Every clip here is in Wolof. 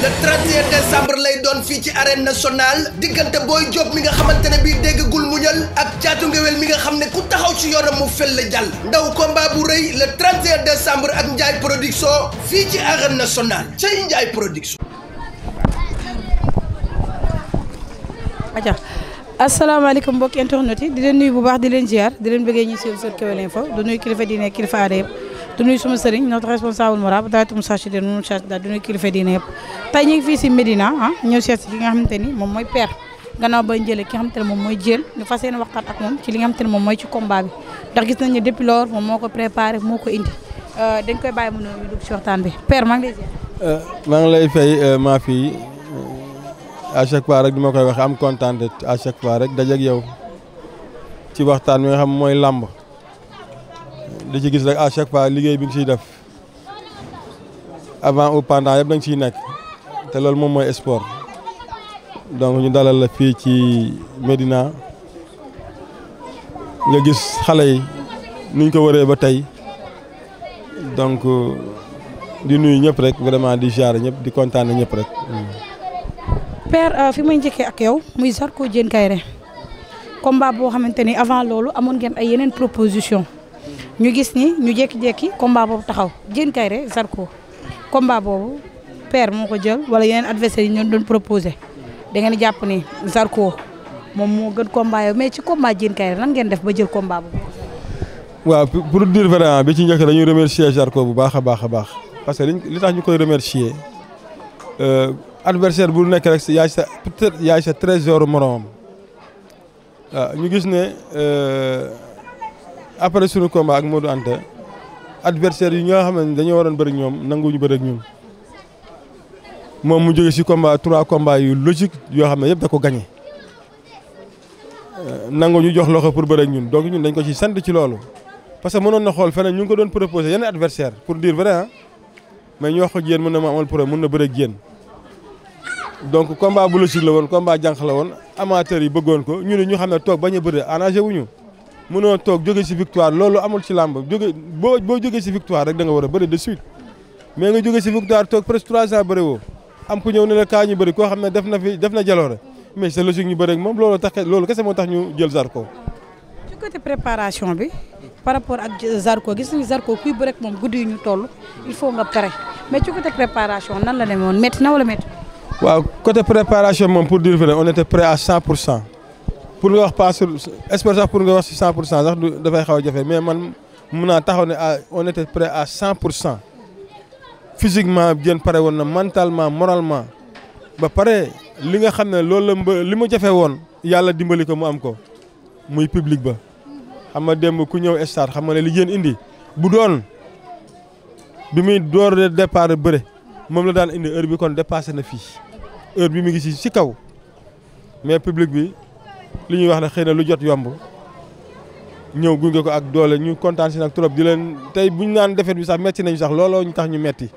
le 31 décembre lay doon fii ci arène nationale diggante Boy Diop mi nga xamante ne bii déggagul muñal ak caatu ngewel mi nga xam ne ku taxaw ci yoonam mu fel la jàll ndaw combat bu rëy le 31 décembre ak Ndiaye production fii ci arène nationale cay Ndiaye production. aja asalaamaaleykum mbokki internet yi di leen nuyu di leen ziar di leen bëggee ñu seen Kewel Info kilifa du nuyu suma sëriñ notre responsable moral bu dawetu Moussa Chidé nunu Cheikh daal du nuyu kilifa diine yëpp tey ñu ngi fii si Médina ah ñëw seet si ki nga xamante ni moom mooy père gannaaw ba njële ki nga xamante ne moom mooy jël ñu fas yéene waxtaan ak moom ci li nga xamante ne moom mooy ci combat bi ndax gis nañ ne depuis lors moom moo ko préparé moo ko indi euh, dañ koy bàyyi mu nuyu ñu dugg si waxtaan bi père maa lay euh, maa ngi lay fay euh, maa fii à chaque fois rek du ma koy waxee am kontaan à chaque fois rek dajeeg yow ci waxtaan bi xam mooy làmb di ci gis rek à chaque fois liggéey bi nga ciy def avant ou pendant yëpp da nga ciy nekk te loolu moom mooy sport donc ñu dalal la fii ci Médina nga gis xale yi nuñ ko waree ba tey donc euh, di nuyu ñëpp rek vraiment di jaare ñëpp di kontaane ñëpp rek. père euh, fi may njëkkee ak yow muy Zarko Diène Kairé combat boo xamante ni avant loolu amoon ngeen ay yeneen proposition ñu gis ni ñu jékki-jékki combat boobu taxaw Diène Kairé Zarko combat boobu père moo ko jël wala yeneen adversaire yi ñoom doon proposé da ngeen jàpp ni Zarko moom moo gën combat yow mais ci combat Diène Kairé nan ngeen def ba jël combat boobu. waaw pour dire vraiment bi ci njëkk dañuy remercier Zarko bu baax a baax a baax parce que li tax ñu koy remercier euh, adversaire bu nekk rek yaay sa peut-être yaay sa trésor moroom waaw ñu gis ne. Euh, après suñu combat ak Modou Anta adversaire yi ñoo xam ne dañoo waroon bëri ñoom nanguwuñu bëri ak ñun moom mu jóge ci combat trois combats yu logique yoo xam ne yëpp da ko gagné euh, nangu ñu jox loxo pour bëri ak ñun donc ñun dañ ko ci sant ci loolu. parce que mënoon na xool feneen ñu ngi ko doon proposé yenn adversaire pour dire vrai mais ñu wax ko yéen mën na ma amal problème mën na bëri ak yéen donc combat bu logique la woon combat jànq la woon amateurs yi bëggoon ko ñu ne ñu xam ne toog bañ a bëri arrangé wuñu mënoo toog jóge si victoire loolu amul si làmb jóge boo boo jógee si victoire rek da nga war a bëri de suite mais nga jóge si victoire toog presque trois ans bëri woo am ku ñëw ne la kaa ñu bëri koo xam ne def na fi def na jaloore mais c'est logique ñu bëri ak moom loolu tax loolu kese moo tax ñu jël Zarko. ci côté préparation bi par rapport ak Zarko gis nañu Zarko kuy bëri ak moom guddi yu ñu toll il faut nga pare mais ci côté préparation nan la demee woon métti na wala métti. waaw côté préparation moom pour dire vrai on était prêt à 100 pour cent. pour nga wax pas sur sax pour nga wax si 100 pour cent sax du dafay xaw a jafe mais man mun naa taxaw ne à on était prêt à 100 pour cent physiquement jën pare woon na mentalement moralement ba pare li nga xam ne loolu la li mu jafe woon yàlla dimbali ko mu am ko muy public ba xam nga démb ku ñëw stade xam nga ne li jën indi bu doon bi muy door de départ bëre moom la daan indi heure bi kon dépassé na fii heure bi mu ngi si si kaw mais public bi. li ñuy wax ne xëy na lu jot yomb ñëw gunge ko ak doole ñu kontaan si nag trop di leen tey bu ñu naan defet bi sax metti nañu sax looloo ñu tax ñu metti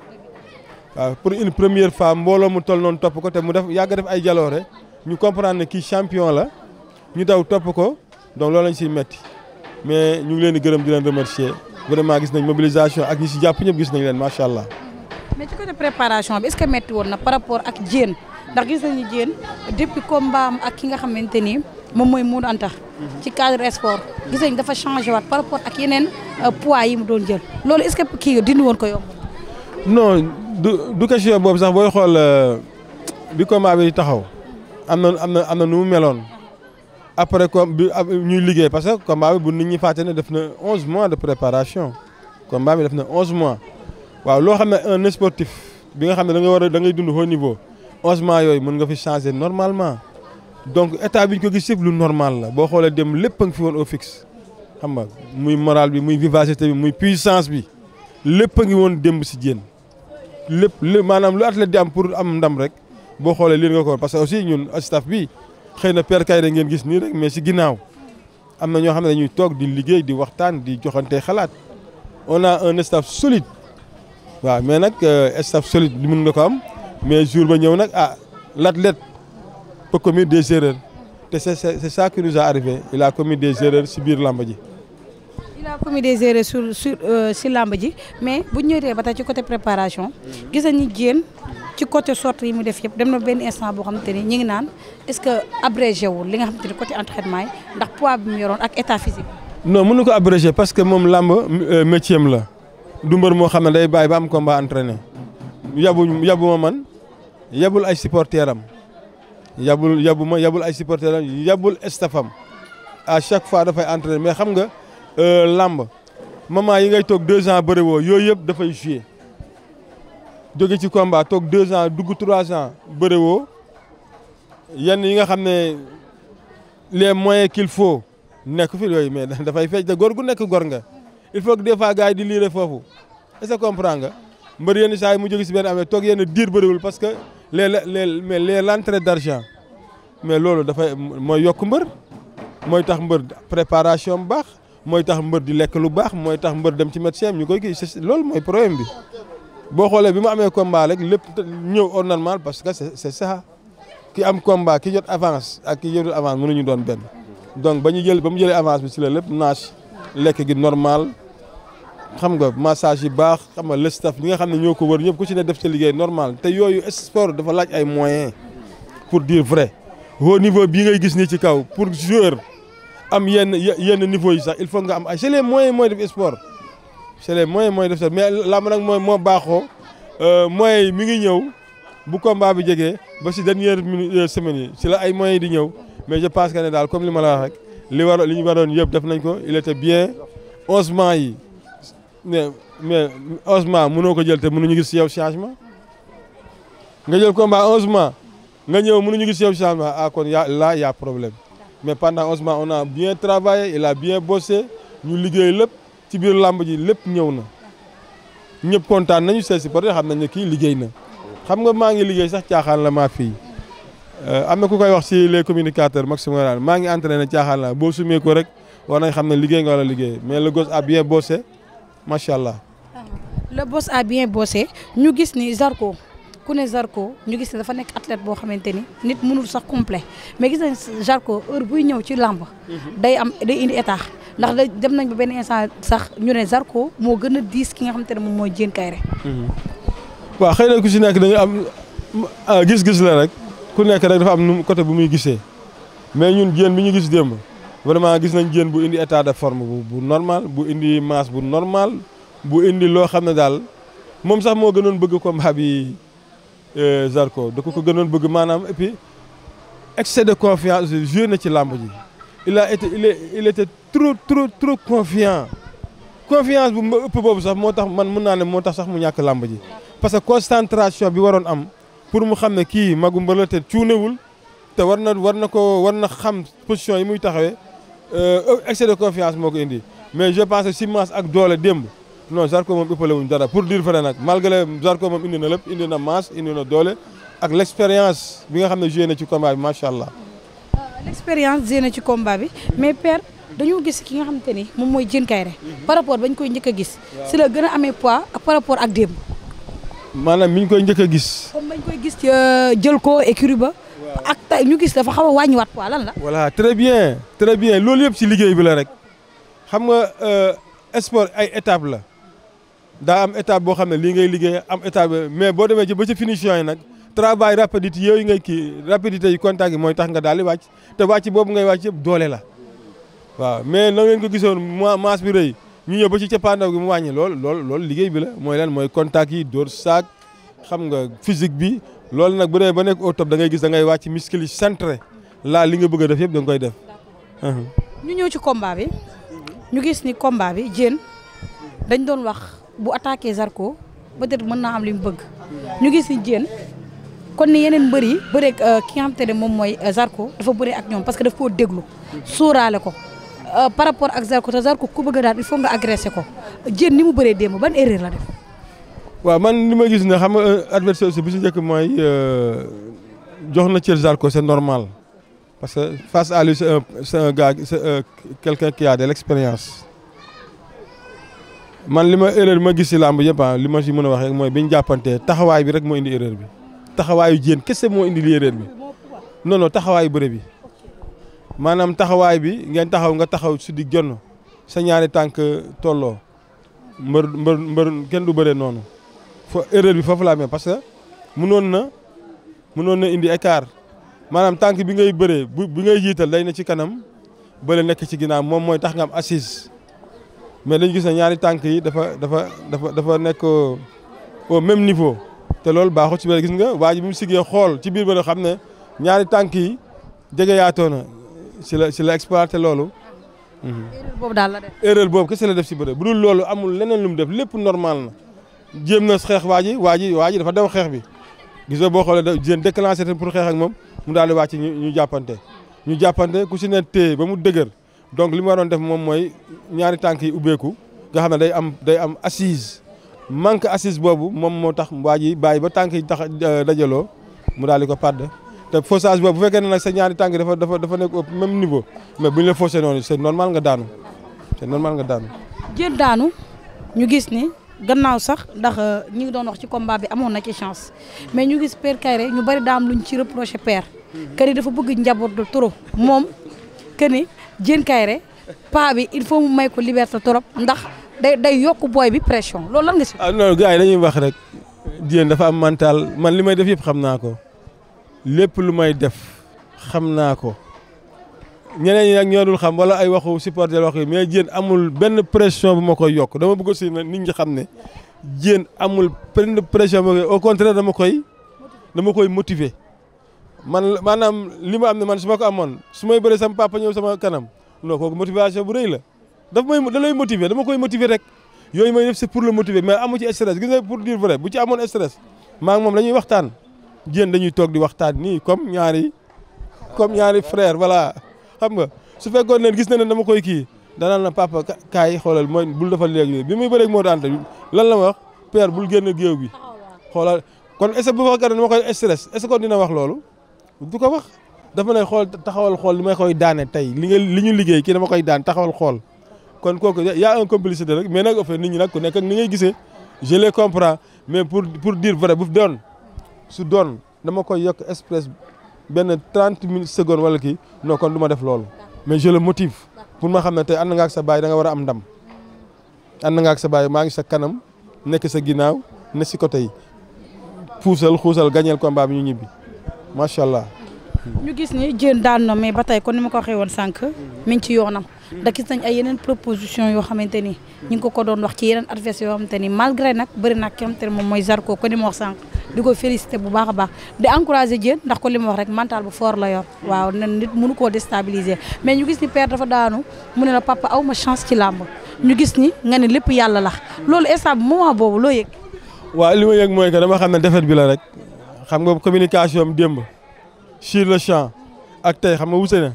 waaw pour une première fois mbooloo mu toll noonu topp ko te mu def yàgg def ay jaloore ñu comprendre ne kii champion la ñu daw topp ko donc loolu lañ siy metti mais ñu ngi leen di gërëm di leen remercier vraiment gis nañ mobilisation ak ñi si jàpp ñëpp gis nañ leen macha allah. mais ci ce que metti woon na par rapport ak Diène ndax gis nañu Diène depuis ak ki nga xamante ni moom mooy Modou Anta ci cadre sport gis nañ dafa changé waat par rapport ak yeneen euh, poids yi mu doon jël loolu est-ce que kii dindi woon ko yomb non du du question boobu sax booy xool euh, bi combat bi taxaw am na am na am na nu mu meloon après comme bi ñuy liggéey parce que combat bi bu nit ñi fàtte ne def na onze mois de préparation combat bi def na onze mois waaw loo xam ne un sportif bi nga xam ne da nga war da ngay dund haut niveau onze mois yooyu mën nga fi changer normalement donc état bi ñu ko gis yëpp lu normal la boo xoolee dem lépp a ngi fi woon au xam nga muy moral bi muy vivacité bi muy puissance bi lépp a ngi woon démb si jéen lépp lépp maanaam lu athlète di am pour am ndam rek boo xoolee lii nga ko parce que aussi ñun staff bi xëy na per kay da ngeen gis nii rek mais si ginnaaw am na ñoo xam ne dañuy toog di liggéey di waxtaan di joxante xalaat on a un staff solide waaw mais nag euh, staff solide mun nga ko am mais jour ba ñëw nag ah l'athlète peut commettre des erreurs te c'est c'est ça qui nous est arrivé il a commis des erreurs si biir làmb ji. la a commis des erreurs sur si euh, làmb ji mais bu ñu ñëwee ba tey ci côté préparation. gis nañu jéen ci côté sortie yi mu def yëpp dem na benn instant boo xamante ni ñu ngi naan est-ce que abrégé wul li nga xamante ni côté entraînement yi ndax poids bi mu yoroon ak état physique. non mënu ko abrégé parce que moom làmb euh, métier am la du moo xam ne day bàyyi ba am combat entraîné yabu yabu ma man yabul ay supporteurs am. yabul yabu ma yabul ay supporters am yabul staffam a chaque fois dafay entraîner mais xam nga euh, lamb moment yi ngay toog deux ans bëriwoo yooyu yëpp dafay joué jóge ci combat toog deux ans dugg trois ans bëriwoo yenn yi nga xam ne les moyens qu'il faut nekk fi yooyu mais dafay feeñ te góor gu nekk gor nga il faut que des fois gars yi di liire foofu est comprend nga mbër yenn saa mu jóge si benn amee toog yenn diir bëriwul parce que. les les mais les rentrées d'argent mais loolu dafay mooy yokk mbër mooy tax mbër préparation bu baax mooy tax mbër di lekk lu baax mooy tax mbër dem ci médecin ñu koy kii lool mooy problème bi boo xoolee bi mu amee combat rek lépp ñëw au normal parce que c'est ça ki am combat ki jot avance ak ki jotul avance mënuñu doon benn donc ba ñu jël ba mu jëlee avance bi ci la lépp naaj lekk gi normal. xam nga massage yi baax xam nga le staff ñi nga xam ne ñëw ko wër ñëpp ku ci ne def si liggéey normal te yooyu sport dafa laaj ay moyens pour dire vrai au niveau bii ngay gis nii ci kaw pour joueur am yenn yenn niveau yi sax il faut nga am ay c'est les moyens mooy def sport c'est les moyens mooy def sport mais làmb nag mooy moo baaxoo euh, moyens mi ngi ñëw bu combat bi jegee ba si dernière euh, semaine yi si la ay moyens yi di ñëw mais je pense que ne daal comme li ma la rek li war li ñu waroon yëpp def nañ ko il était bien osement yi mais mais onze mois mënoo ko jël te ñu gis si yow changement nga jël combat onze mois nga ñëw mënuñu gis si changement ah kon y'a problème mais pendant onze mois on a bien travaillé il a bien bossé ñu liggéey lépp ci biir làmb ji lépp ñëw na ñëpp kontaan nañu seet si parce xam nañ ne kii liggéey na xam nga maa ngi liggéey sax caaxaan la maa fii euh, am na ku koy wax si les communicateurs Maxime Rane maa ngi entraîné caaxaan la boo sumee rek war nañ xam ne liggéey nga wala liggéey mais le gosse a bien macha allah. le boss a bien bossé ñu gis ni Zarko ku ne Zarko ñu gis ne dafa nekk athlète boo xamante ni nit mënul sax complet mais gis nañ Zarko heure buy ñëw ci làmb mhm. day am day indi état ndax da dem nañ ba benn instant sax ñu ne Zarko moo gën a diis ki nga xamante ne moom mooy Diène Kaïré mhm. waaw xëy na ku si nekk da nga am ah, gis-gis la rek ku nekk rek dafa am nu côté bu muy gisee mais ñun Diène bi ñu gis démb vraiment gis nañ jën bu indi état de forme bu bu normal bu indi masse bu normal bu indi loo xam ne daal moom sax moo gënoon bëgg ko combat bi euh, Zarko da ko ko gënoon bëgg maanaam et puis de confiance joué na ci làmb ji il a été il est il trop trop trop confiance bu ma ëpp boobu sax moo tax man mun naa ne moo tax sax mu ñàkk làmb ji parce que concentration bi waroon am pour mu xam ne kii magu mbala te cuunewul te war na war na ko war na xam position yi muy taxawee Euh, euh, excès de confiance moo ko indi mais je pense que Symbiose ak doole démb non Zarko moom ëppale wuñ dara pour dire vrai nag malgré Zarko moom indi na lépp indi na masse indi na doole ak l' bi nga xam ne joué na ci combat bi macha allah. Euh, l' expérience joué ci combat bi mais père dañoo gis ki nga xamante ni moom mooy Diène Kaïré par rapport bañ koy njëkk gis. si la gën a amee poids par rapport ak démb. maanaam mi ñu koy njëkk a gis. comme bañ koy gis jël ko écurie ba. ak tay ñu gis dafa xaw a wàññiwaat quoi lan la. voilà très bien très bien loolu yëpp ci liggéey bi la rek xam nga euh, sport ay étape la daa am étape boo xam ne lii ngay liggéey am étape mais boo demee ci ba ci finition yi nag travail rapidité yooyu ngay kii rapidité yi contact yi mooy tax nga daal di wàcc te wàcc boobu ngay wàcc yëpp doole la waaw mais na ngeen ko gisoon masse bi rëy ñu ñëw ba ci capandaw gi mu wàññi lool lool loolu liggéey bi la mooy lan mooy contact yi dóor saak xam nga physique bi loolu nag bu dee ba ne au top da gis da ngay wàcc muscle yi centré laa li nga bëgg a def yëpp da nga koy def. ñu ñëw ci combat bi ñu gis ni combat bi Diène dañ doon wax bu attaqué Zarko peut-être mën naa am li mu bëgg ñu gis ni Diène kon ni yeneen mbër yi bëreeg euh, ki nga te ne moom mooy euh, Zarko dafa bëree ak ñoom parce que daf koo déglu sóoraale ko euh, par rapport ak Zarko te Zarko ku bëgg daal daan il faut nga agressé ko Diène ni mu bëree démb ban erreur la def. waaw man li ma gis ne xam nga euh, adversaire bi si njëkk mooy euh, jox na cër Zarko c'est normal parce que face à lui c'est un c'est euh, man li ma erreur ma gis si làmb yëpp ah li ma si mën a wax mooy bi ñu jàppantee taxawaay bi rek moo indi erreur bi taxawaayu jéen kese moo indi li erreur bi non taxawaayu bëre bi maanaam taxawaay bi ngeen taxaw nga taxaw si di jonn sa ñaari tànk tolloo mbër mbër mbër kenn du bëree noonu. fo erreur bi foofu laa amee parce que mënoon na mënoon na indi écart maanaam tànk bi ngay bëree bu bi ngay jiital day na ci kanam bële nekk ci ginnaaw moom mooy tax nga am assise mais dañu gis ne ñaari tànk yi dafa dafa dafa dafa nekk au même niveau te loolu baaxul ci bëri gis nga waa bi mu siggee xool ci biir bëri xam ne ñaari tànk yi jege yaatoo na si la si la exploité loolu. Mhm. erreur boobu daal la def. erreur boobu def si bëri bu dul loolu amul leneen lu mu def lépp normal na. jéem na xeex waaj ji waa ji waa ji dafa daw xeex bi gis nga boo xoolee da jéem déclenché pour xeex ak moom mu daal di wàcc ñu ñu jàppante. ñu jàppante ku si ne téye ba mu dëgër donc li waroon def moom mooy ñaari tànk yi ubbeeku nga xam ne day am day am assise manque assise boobu moom moo tax waa ji bàyyi ba tànk yi tax dajaloo mu daal di ko pàdd. te faussage boobu bu fekkee ne nag sa ñaari tànk dafa dafa dafa nekk au même niveau mais bu ñu la faussé noonu c'est normal nga daanu c'est normal nga daanu. gannaaw sax ndax euh, ñi ngi doon wax ci combat bi amoon na ci chance mais ñu gis Père Kairé ñu bari daam luñ ci reproché Père. que ni dafa bëgg njaboot de trop moom que ni Diène Kairé paa bi il faut mu may ko liberté trop ndax day day yokk booy bi pression loolu lan nga si. ah non yi dañuy wax rek Diène dafa am mental man li may def yëpp xam naa ko lépp lu may def xam naa ko. ñeneen ñi nag ñoo dul xam wala ay waxu supporter wax yi mais Diène amul benn pression bu ma koy yokk dama bëgg aussi nit ñi xam ne Diène amul benn pression bu ma koy au dama koy dama koy motiver. man maanaam li ma am ne man su ma ko amoon su may bëree sama papa ñëw sama kanam non kooku motivation bu rëy la daf may da lay motiver dama koy motiver rek yooyu may def si pour le motiver mais amu ci stress gis nga pour dire vrai bu ci amoon stress maa dañuy waxtaan Diène dañuy toog di waxtaan nii comme ñaari comme ñaari frère voilà. xam nga su fekkoon ne gis na ne dama koy kii dana danaan na papa kaay xoolal mooy bul defal léegi bi muy bëreeg moo daan lan la ma wax père bul génn géew bi xoolal kon est ce que bu ma gën ma koy stress est ce que ko wax dafa ne xool taxawal xool li may koy daane tey li nga li ñu liggéey kii dama koy daan taxawal xool kon kooku y'a un complicité rek mais nag au fait nit ñi nag ku nekk ak ni ngay gisee je les comprends mais pour pour dire vrai bu doon su doon dama koy yokk express benn trente minutes secondes wala kii non kon du ma def lool mais je le motive pour ma xam ne tey ànd nga ak sa baay danga war a am ndam ànd nga ak sa baay maa ngi sa kanam nekk sa ginnaaw ne si côté yi puusal xuusal gañeel ko bi ñu ñibbi macha allah. ñu gis ni Diène daan na mais ba tey kon ni ma ko waxee woon sànq mi ngi ci yoonam. da gis nañ ay yeneen proposition yoo xamante ni. ñu ngi ko ko doon wax ci yeneen adversaire yoo xamante ni malgré nag bëri na ak ki moom mooy Zarko ko ni ma wax sànq. di ko félicité bu baax a baax di encouragé Diène ndax ko li ma wax rek mental bu foor la yor waaw na nit mënu koo déstabiliser mais ñu gis ni père dafa daanu mu ne la papa aw ma chance ci làmb ñu gis ni nga ne lépp yàlla la loolu instant moo moment boobu loo yëg waaw li ma yëg mooy que dama xam ne defet bi la rek xam nga communication am démb sur le champ ak tey xam nga wute na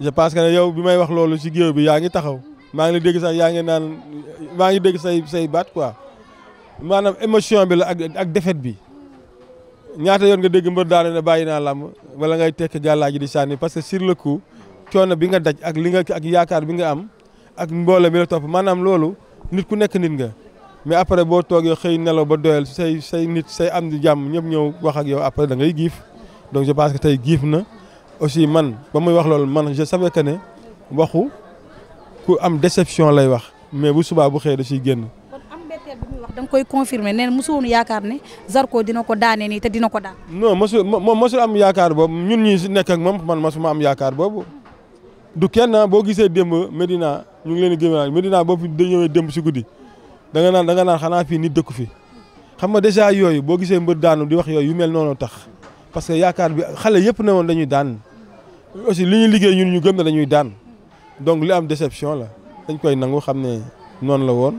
je pense que ne yow bi may wax loolu si géew bi yaa ngi taxaw maa ngi la dégg yaa ngi naan maa ngi dégg say say baat quoi maanaam émotion bi la ak ak defet bi ñaata yoon nga dégg mbër daane ne bàyyi naa làmb wala ngay tekk gàllaa ji di sànni parce que sur le coup coono bi nga daj ak li nga ak yaakaar bi nga am ak mboole mi la topp maanaam loolu nit ku nekk nit nga mais après boo toogee xëy nelaw ba doyal say say nit say am di jàmm ñëpp ñëw wax ak yow après da ngay giif donc je pense que tey giif na aussi man ba muy wax loolu man je savais que ne waxu ku am déception lay wax mais bu subaa bu xëyee da ciy génn bi muy wax da nga koy confirmer yaakaar ne Zarko dina ko daane nii te dina ko daan. non mosu moom mosu am yaakaar boobu ñun ñi si nekk ak moom man mosuma am yaakaar boobu du kenn ah, boo gisee démb Medina ñu ngi leen di gëmal Medina boo fi ñëwee si guddi da nga naan da nga naan xanaa fii nit dëkku fi xam nga dèjà yooyu boo gisee mbër daanu di wax yooyu yu mel noonu tax parce que yaakaar bi xale yëpp ne woon dañuy daan aussi li ñu liggéey ñun ñu gëm ne dañuy daan donc li am déception la dañ koy nangu xam ne noonu la woon.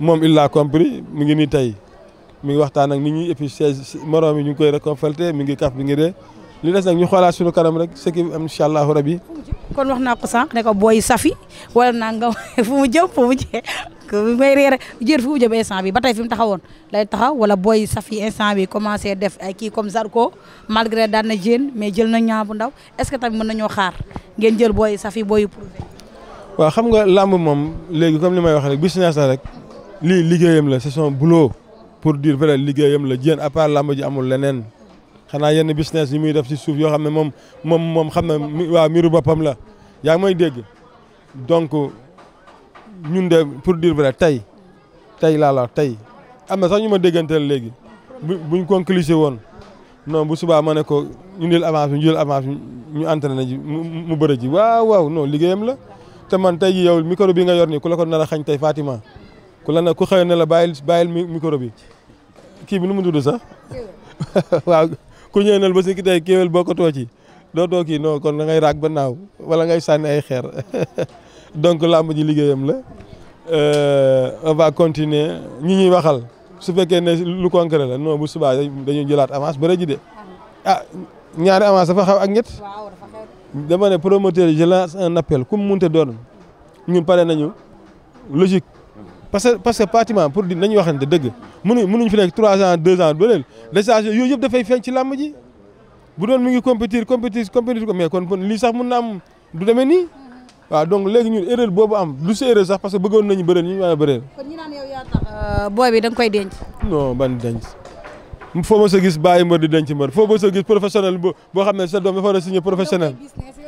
moom il l'a compris mi ngi nii tey mi waxtaan ak nit ñi et puis ses moroom yi ñu ngi koy réconforté mi ngi kaf mi ngi dee li des nag ñu xoolaat suñu kanam rek ce qui am incha allahu rabi. kon wax naa ko sànq ne ko booy safi wala naa nga fu mu jëm fu mu jëm may réer jër fu mu jëm instant bi ba tey fi mu taxaw woon lay taxaw wala booy safi instant bi commencé def ay kii comme sar Zarko malgré daan na jéen mais jël na ñaa bu ndaw est-ce que tamit mën nañoo xaar ngeen jël booy safi booy prouvé. waaw xam nga làmb moom léegi comme li may wax rek business la rek. lii liggéeyam la c'est son pour dire vrai liggéeyam la Diène à part làmb ji amul leneen xanaa yenn business yi muy def ci suuf yoo xam ne moom moom moom xam na waa miiru boppam la yaa ngi may dégg donc ñun de pour dire vrai tey tey laa la tey am na sax ñu ma dégganteel léegi bu buñ conclusé woon non bu subaa ma ne ko ñun jël avance ñu jël avance bi ñu entraîné ji mu bëre ji waaw waaw non liggéeyam la te man tey ji yow micro bi nga yor nii ku la ko nar xañ tey Fatima. ku la ne ku xëy ne la bàyyil bàyyil micro bi kii bi nu mu tudd sax waaw ku ñëw nel ba si ki tey kéwél bokkatoo ci doo kii non kon da ngay raag ba naaw wala ngay sànni ay xeer donc làmb ji liggéeyam la euh, on va continuer ñu ñuy waxal su fekkee ne lu concret la noo bu subaa dañuy jëlaat avance bëre ji de ah ñaari avance dafa xaw ak ñett dama ne promoteur je lance un appel ku munte doon ñu pare nañu logique parce que parce que pratiquement pour di nañu waxante dëgg mënuñ mënuñ fi nekk 3 ans 2 ans ba leen législation yooyu yëpp dafay feeñ ci làmb ji bu doon ngi compétir compétir compétir ko mais kon lii sax mën na du demee nii waaw donc léegi ñun erreur boobu am du si erreur sax parce que bëggoon nañu bëreel ñu ñu war a bëreel. kon ñu naan yow euh, koy denc. non ban denc foo ma sa gis bàyyi mbër di denc mbër foo ma sa gis professionnel boo xam ne sa doom dafa war a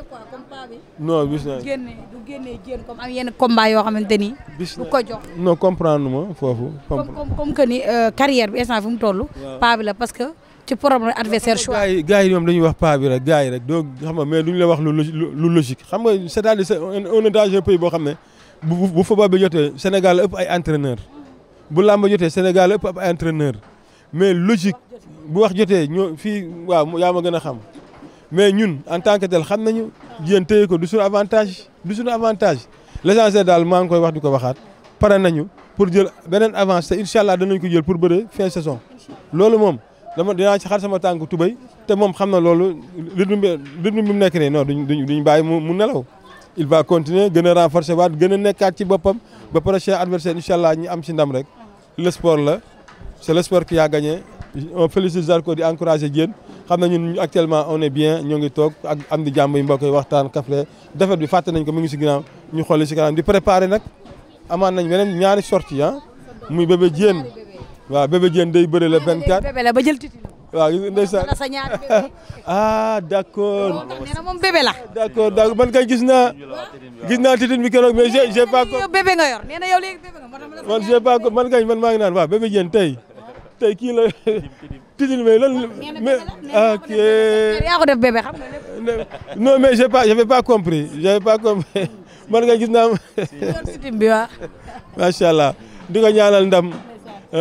non bis naa génne du génne jéen comme am yenn combat yoo xamante ni. bis bu ko jox non comprendre ma foofu. comme comme que ni euh, carrière bi instant fi mu toll. paa bi la parce que ci problème adversaire choix. gars yi gars yi ñoom dañuy wax paa bi rek gars yi rek doo xam nga mais duñ la wax lu logique xam nga c'est-à-dire on est dans un pays boo xam ne bu bu football bi jotee Sénégal la ëpp ay entraîneur bu làmb jotee Sénégal la ëpp ay entraîneur mais logique bu wax jotee ñoo fii waaw yaa ma gën a xam. mais ñun en tant que tel xam nañu yéen téye ko du suñu avantage du suñu avantage l'essentiel daal maa ngi koy wax di ko waxaat pare nañu pour jël beneen avance te incha allah danañ ko jël pour bëre fin saison. loolu moom dama dinaa ci xar sama tànk tubay te moom xam na loolu rythme bi rythme bi mu nekk nii non duñ duñ bàyyi mu nelaw. il va continuer gën a renforcer waat gën a nekkaat ci boppam ba prochain adversaire incha allah ñu am si ndam rek le sport la c'est le sport qui a gagné. on félicite Zarko di encouragé Diène xam na ñun actuellement on est bien ñoo ngi toog ak am di jàmb yi mbokk yi waxtaan kafle defet bi fàtte nañ ko mu ngi si ginnaaw ñu xool si kanam di préparé nag amaan nañ beneen ñaari sortie ah muy bébé Diène waa bébé Diène day bëri le 24 waaw ndeysaan ah d' accord d' accord d' accord man kay gis naa gis naa titin bi keroog mais j' ai pas. man j' ai man kay maa ngi naan waaw bébé Diène tey. tey kii la. tidil mais lan. Ah, ok yaa ko def nga pas j'avais pas compris j'avais gis naa. macha allah di ko ñaanal ndam.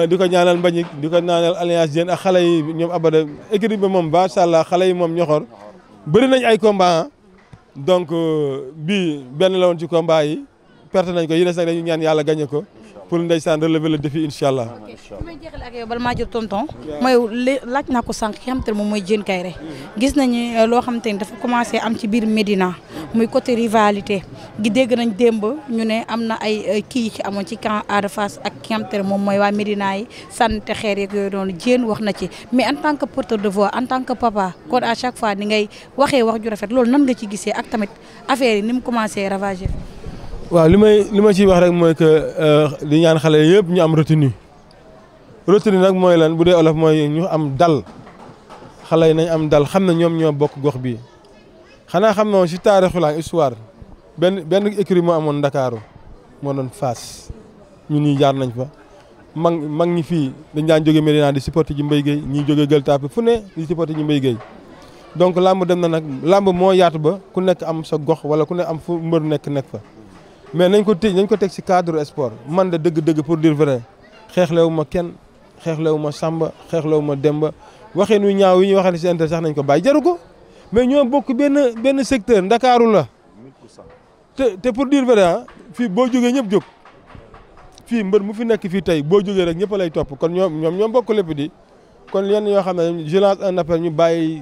di ko ñaanal Mbagnick di ko ñaanal alliance Diène ak xale yi ñoom abada équipe bi moom macha allah xale yi moom ñoxor bëri nañ ay combat ah. donc euh, bii benn la woon ci combat yi perte nañ ko yi des nag dañu ñaan yàlla gagné ko. pour ndeysaan relever le défi incha allah. ok may jeexal ak yow bal maa jël tonton. mooy laaj naa ko sànq ki xam te ne moom mooy Diène Kaïré mhm. gis nañu euh, loo xam te dafa commencé am ci biir Médina muy côté rivalité gi dégg nañ démb ñu ne am na ay euh, kii yi ci amoon ci camp Ada Fass ak ki xam te ne moom mooy waa Médina yi sante xeer yeeg yooyu noonu Diène wax na ci mais en tant que porteur de voix en tant que papa kon à chaque fois ni ngay waxee wax ju rafet loolu nan nga ci gisee ak tamit affaire yi ni mu commencé ravager. waaw li may li ma ci wax rek mooy que euh, di ñaan xale yëpp ñu am retenue retenue nag mooy lan bu dee olof mooy ñu am dal xale yi nañ am dal xam ne ñoom ñoo bokk gox bi xanaa xam na si taarixu la benn benn écurie moo amoon ndakaaru moo doon Fass ñun ñi jaar nañ fa mag mag ñi fii dañ daan jóge Medina di supporter ji Mbaye Guèye ñiy jóge Gueule Tapée fu ne di supporter ji Mbaye Guèye donc làmb dem na nag làmb moo yaatu ba ku nekk am sa gox wala ku ne am fu mbër nekk nekk fa mais nañ ko tëj nañ ko teg si cadre sport man de dëgg-dëgg pour dire vrai xeexlewu ma kenn xeexlewu ma Samba xeexlewu ma Demba waxee nu ñaaw yi ñuy waxee ci internet sax nañ ko bàyyi jaru ko mais ñoo bokk benn benn secteur ndakaaru la te te pour dire vrai ah fii boo jógee ñëpp jóg fii mbër mu fi nekk fii tey boo jógee rek ñëpp lay topp kon ñoom ñoom ñoom bokk lépp di kon yenn yoo xam ne je lance un ñu bàyyi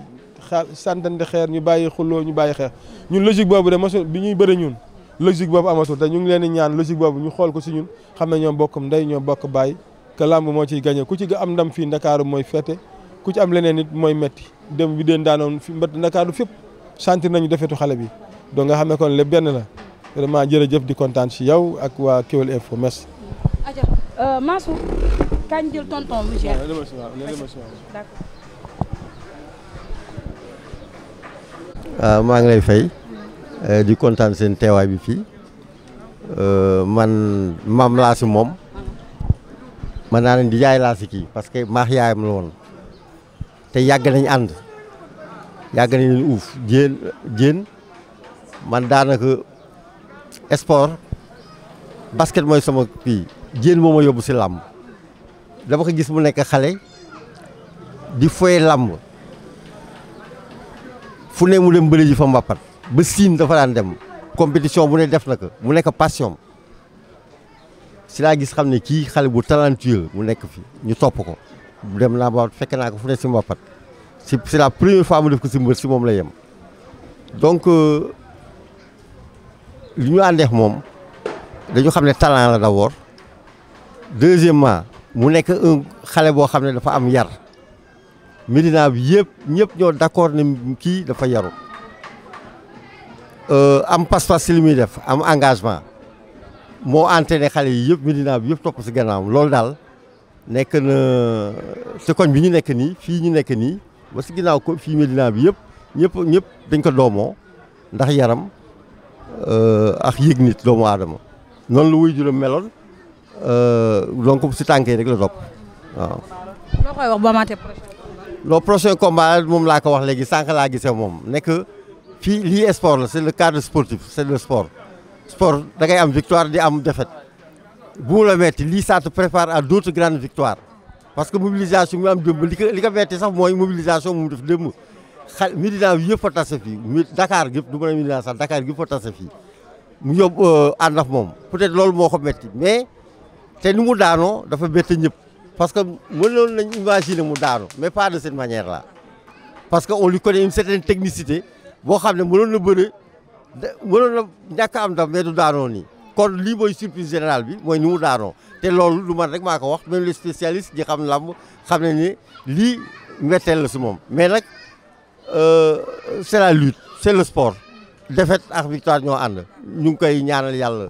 xaal santante xeer ñu bàyyi xulloo ñu bàyyi xeer ñun logique boobu de mosul bi ñuy bëri ñun logique boobu amatul te ñu ngi leen di ñaan logique boobu ñu xool ko si ñun xam ne ñoom bokk ndey ñoo bokk baay que làmb moo ciy gagné ku ci am ndam fii Ndakaaru mooy fete ku ci am leneen nit mooy metti dem bi deen daanoon fi mbët Ndakaaru fépp sentir nañu defeetu xale bi donc nga xam ne kon lépp benn la vraiment jëf di kontaan si yow ak waa Kewel Info merci. maa ngi lay fay. Euh, di kontaan seen teewaay bi fii euh, man maam laa si moom man naa leen di jaay laa kii parce que maax yaayam la woon te yàgg nañ ànd yàgg nañ uuf jéen jéen man daanaka sport basket mooy sama kii jéen moo ma yóbbu si làmb dama ko gis mu nekk xale di foye làmb fu ne mu dem bëri ji fa mbappat ba siin dafa daan dem compétition bu ne def na ko mu nekk passion si laa gis xam ne kii xale bu talentueux mu nekk fi ñu topp ko dem naa ba fekk naa ko fu ne si mbappat si c'est la première fois mu ko si mbër si moom la yem donc euh, lu ñu àndeex moom dañu xam ne talent la d'abord deuxièmement mu nekk xale boo xam ne dafa am yar Médina bi yëpp ñëpp ñoo d'accord ne kii dafa yaru Euh, am pas-pas si def am engagement moo entraîné xale yi yëpp Médina bi yëpp topp si gannaawam loolu daal nekk na si koñ bi ñu nekk nii fii ñu nekk nii ba si ginnaaw ko fii Médina bi yëpp ñëpp ñëpp dañ ko doomo ndax yaram euh, ak yëg nit doomu aadama noonu la wuy juróom meloon euh, donc si tànkee rek la topp waaw. loo koy wax ba moom laa ko wax léegi sànq laa gisee moom nekk. lii sport c'est le cadre sportif c'est le sport sport da ngay am victoire di am défaite bu la lii ça prépare à d'autres grandes victoires parce que mobilisation mu am li ko li ko metti sax mooy mobilisation mu def démb xal Médina yëpp fa tase fii Dakar yëpp du ma ne Médina sax Dakar yëpp fa tase fii mu yóbbu euh, peut-être loolu moo ko metti mais te ni mu daanoo dafa bett ñëpp parce que mënoon nañ imaginer mu daanoo mais pas de cette manière là parce que on lui connaît une certaine technicité boo xam ne mënoon na bëre mënoon na ñàkk am ndam mais du daanoo nii kon lii mooy surprise général bi mooy ni mu daanoo te loolu du man rek maa ko wax même les spécialistes ñi xam lam xam ne ni lii mbetteel la si moom mais nag euh, c'est la lutte c'est le sport défaite ak victoire ñoo ànd ñu ngi koy ñaanal yàlla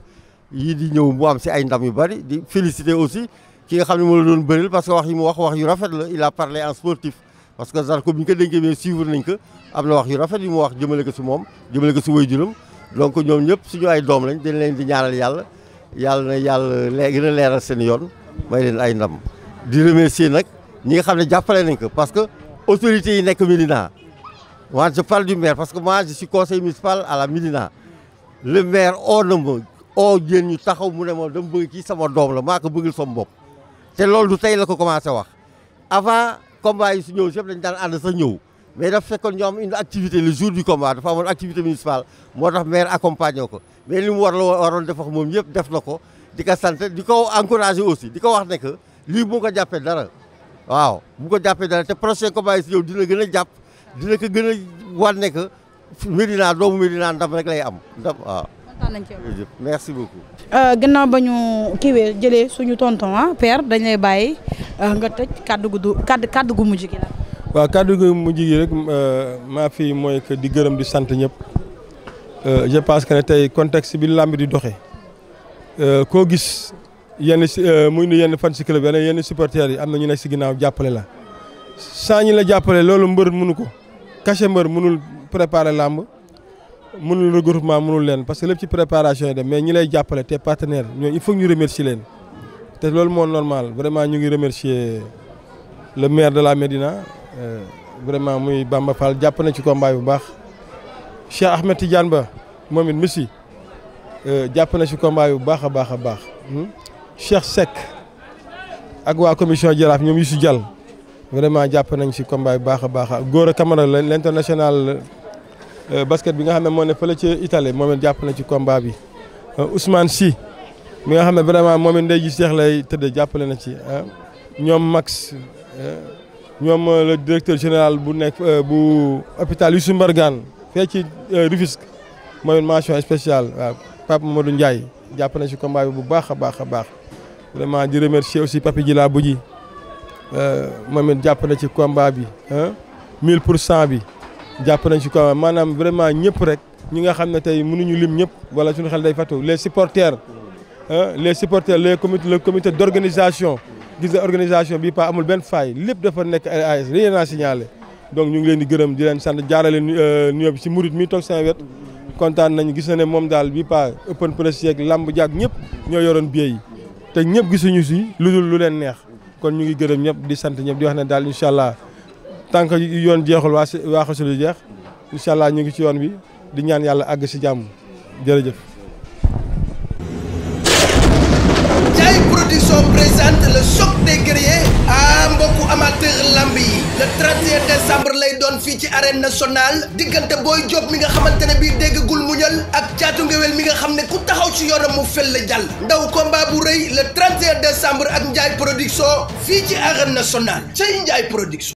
yii di ñëw mu am si ay ndam yu bari di féliciter aussi ki xam ne moo la doon bëril parce que wax yi mu wax wax yu rafet la il a parlé en sportif parce que Zarko bi ñu nañ ko am na wax yu rafet yu mu wax jëmale ko si moom jëmale ko si waajuram donc ñoom si suñu ay doom lañ dañ leen di ñaanal yàlla yàll na yàlla gën a leeral seen yoon may leen ay ndam di remercier nag ñi nga xam ne jàppale nañ ko parce que autorités yi nekk Médina wante je parle du maire parce que moi si suis conseiller municipal à la Médina le maire oo na ma oo jën ñu taxaw mu ne ma dama bëgg kii sama doom la maa ko bëggal sama bopp te loolu du tey la ko commencé wax avant combat yi su ñëw yëpp dañ daan ànd sax ñëw mais dafa fekkoon ñu am une activité le jour du combat dafa amoon activité municipale moo tax maire accompagné ko mais li mu war la waroon def wax moom yëpp def na ko di ko sant di ko encouragé aussi di ko wax ne que lii bu ko jàppe dara waaw bu ko jàppee dara te prochain combat yi si yow dina gën a jàpp dina ko gën a wan ne que Médina doomu na ndam rek lay am ndam waaw. merci beaucoup. Euh, gannaaw ba ñu kiiwee jëlee suñu tonton ah père dañ lay bàyyi euh, nga tëj kàddu gu du kàddu kàddu gu mu gi waa kàddu gi mujj gi rek euh, maa fi mooy que di gërëm di sant ñëpp euh, je pense que ne tey contexte bi làmb di doxee euh, koo gis yenn si muy nu yenn fan si club yi yenn supporters yi am na ñu nekk si ginnaaw jàppale la saa ñi la jàppale loolu mbër mënu ko cachet mbër mënul préparer làmb mënul regroupement mënul leen parce que lépp ci préparation yi dem mais ñi lay jàppale te partenaire ñooñu il faut ñu remercier leen te loolu moo normal vraiment ñu ngi remercier le maire de la Médina Euh, vraiment muy Bamba Fall jàpp na ci combat bu baax Cheikh Ahmed Tidiane Ba moom it Messi euh, jàpp na ci combat bu baax a baax a baax hmm? Cheikh Seck ak waa commission jaraaf ñoom Youssou Diall vraiment jàpp nañ ci combat bu baax a baax Gora Camara la l'international euh, basket bi nga xam ne moo ne fële ci Italie moom jàpp na ci combat bi Ousmane Sy mi nga xam ne vraiment moom it ndey ji seex lay tëdd jàppale na ci ñoom Max. ñoom euh, le directeur général bu nekk euh, bu hôpital Youssou Mbargane fee ci euh, Rufisque mooy mention spéciale waaw Pape Mamadou Ndiaye jàpp na si combat bu baax a baax a baax vraiment di remercier aussi Papi Djila Bouji moom it jàpp na ci combat bi mille pour cent bi jàpp nañ ci combat maanaam vraiment ñëpp rek ñi nga xam ne tey mënuñu lim ñëpp wala suñu xel day fàttu les supporters les supporters les comités le comité d'organisation gis na organisation bi pas amul benn faay lépp dafa nekk RAS rien à signaler donc ñu ngi leen di gërëm di leen sant jaarale euh, nuyoo bi si murit mi toog seen wet kontaan nañu gis na ne moom daal bi pas open press yeeg lamb jaag ñëpp ñoo yoroon billets yi te ñëpp gisuñu si lu dul lu leen neex kon ñu ngi gërëm ñëpp di sant ñëpp di wax ne daal incha allah tant que yoon jeexul waa waa xasul jeex incha allah ñu ngi ci yoon bi di ñaan yàlla àgg si jàmm jërëjëf. le 31 décembre lay doon fii ci arène nationale diggante booy Diop mi nga xamante ne bii déggagul muñal ak caatu ngewel mi nga xam ne ku taxaw ci yoonam mu fel la jàll ndaw combat bu rëy le 31 décembre ak Ndiaye production fii ci arène nationale cay Ndiaye production